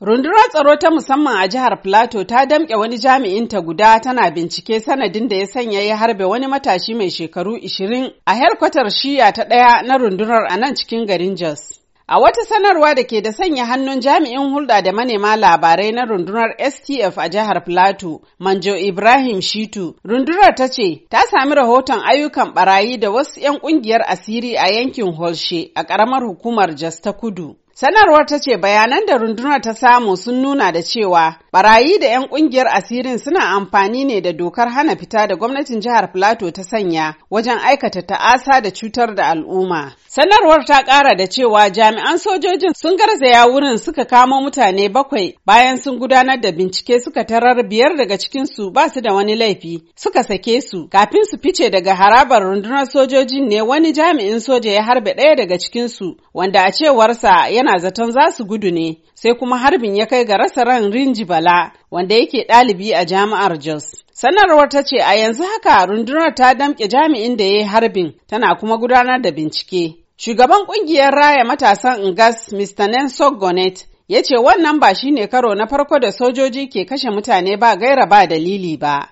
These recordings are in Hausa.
Rundunar tsaro ta musamman a jihar Plateau ta damƙe wani jami'in ta guda tana bincike sanadin da ya sanya ya harbe wani matashi mai shekaru 20 a helkwatar shiya ta ɗaya na rundunar a nan cikin garin Jos. A wata sanarwa da ke da sanya hannun jami'in hulɗa da manema labarai na rundunar STF a jihar Plateau, Manjo Ibrahim Shitu, rundunar ta ce ta sami rahoton ayyukan barayi da wasu 'yan ƙungiyar asiri a yankin Holshe a ƙaramar hukumar Jos ta Kudu. Sanarwar ta ce bayanan da rundunar ta samu sun nuna da cewa barayi da 'yan kungiyar asirin suna amfani ne da dokar hana fita da gwamnatin jihar Filato ta sanya wajen aikata ta'asa da cutar da al'umma. Sanarwar ta ƙara da cewa jami'an sojojin sun garzaya wurin suka kamo mutane bakwai bayan sun gudanar da bincike suka tarar biyar daga cikinsu ba su da wani laifi suka sake su kafin su fice daga harabar rundunar sojojin ne wani jami'in soja ya harbe ɗaya daga cikinsu wanda a cewarsa yana ana zaton za su gudu ne sai kuma harbin ya kai ga rasa ran rinji bala wanda yake ɗalibi a jami'ar jos sanarwar ta ce a yanzu haka rundunar ta damƙe jami'in da ya yi harbin tana kuma gudanar da bincike shugaban ƙungiyar raya matasan ngas mr nelson gonet ya ce wannan ba shi ne karo na farko da sojoji ke kashe mutane ba gaira ba dalili ba.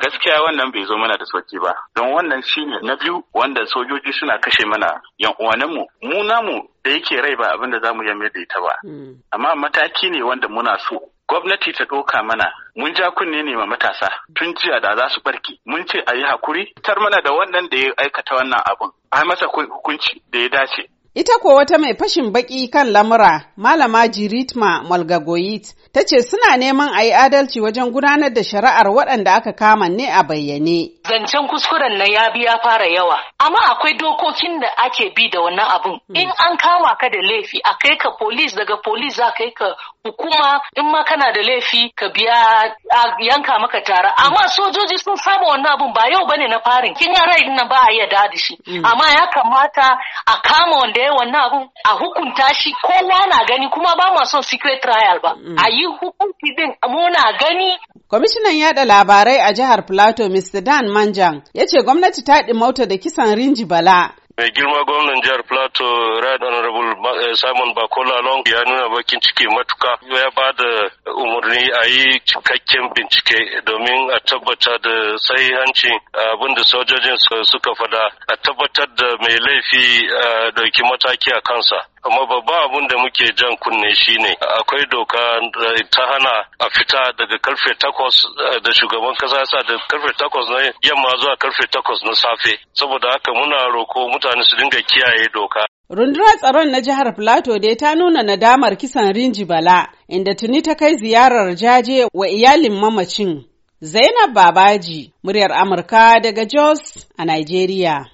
gaskiya wannan bai zo mana da sauki ba don wannan shi ne na biyu wanda sojoji suna kashe mana yan uwanmu mu namu da yake rai ba abin da za mu yame da ita ba hmm. amma mataki ne wanda muna so gwamnati ta ɗauka mana mun ja kunne ne ma matasa tun jiya da za su barki mun ce a yi hakuri tar mana da wannan da ya aikata wannan abun a masa hukunci da ya dace Ita ko wata mai fashin baki kan lamura, Malama Jiritma Malgagoyit, ta ce suna neman a yi adalci wajen gudanar da shari'ar waɗanda aka kama ne a bayyane. Zancen kuskuren na ya biya fara yawa, amma akwai dokokin da ake bi da wannan abun. Hmm. In an kama ka da laifi, a kai ka polis daga polis za kai ka hukuma in ma kana da laifi ka biya a yanka maka tara. Hmm. Amma sojoji sun saba wannan abun ba yau bane na farin. Kin yi ra'ayin nan ba a iya da shi. Hmm. Amma ya kamata a kama wanda ya yi wannan abun a hukunta shi kowa na gani kuma ba ma son secret trial ba mm. a yi hukunci din muna gani Kwamishinan yada labarai a jihar Plateau Mr. Dan Manjan ya ce gwamnati ta ɗimauta da kisan Rinji Bala mai girma gwamnan jihar plateau right honorable eh, simon bakola long ya nuna bakin ciki matuka ya ba da umarni a yi cikakken bincike domin a tabbata da sahihancin abin da sojojin suka fada a tabbatar da mai laifi dauki mataki a kansa amma babban abun da muke jan kunne shine akwai doka ta hana a fita daga karfe takwas eh, da shugaban kasa sa da karfe takwas na yamma zuwa karfe takwas na safe saboda haka muna roko mutane su dinga kiyaye doka Rundunar tsaron na jihar Plateau dai ta nuna nadamar kisan Rinji Bala, inda tuni ta kai ziyarar jaje wa iyalin mamacin. Zainab Babaji, muryar Amurka daga Jos a Nigeria.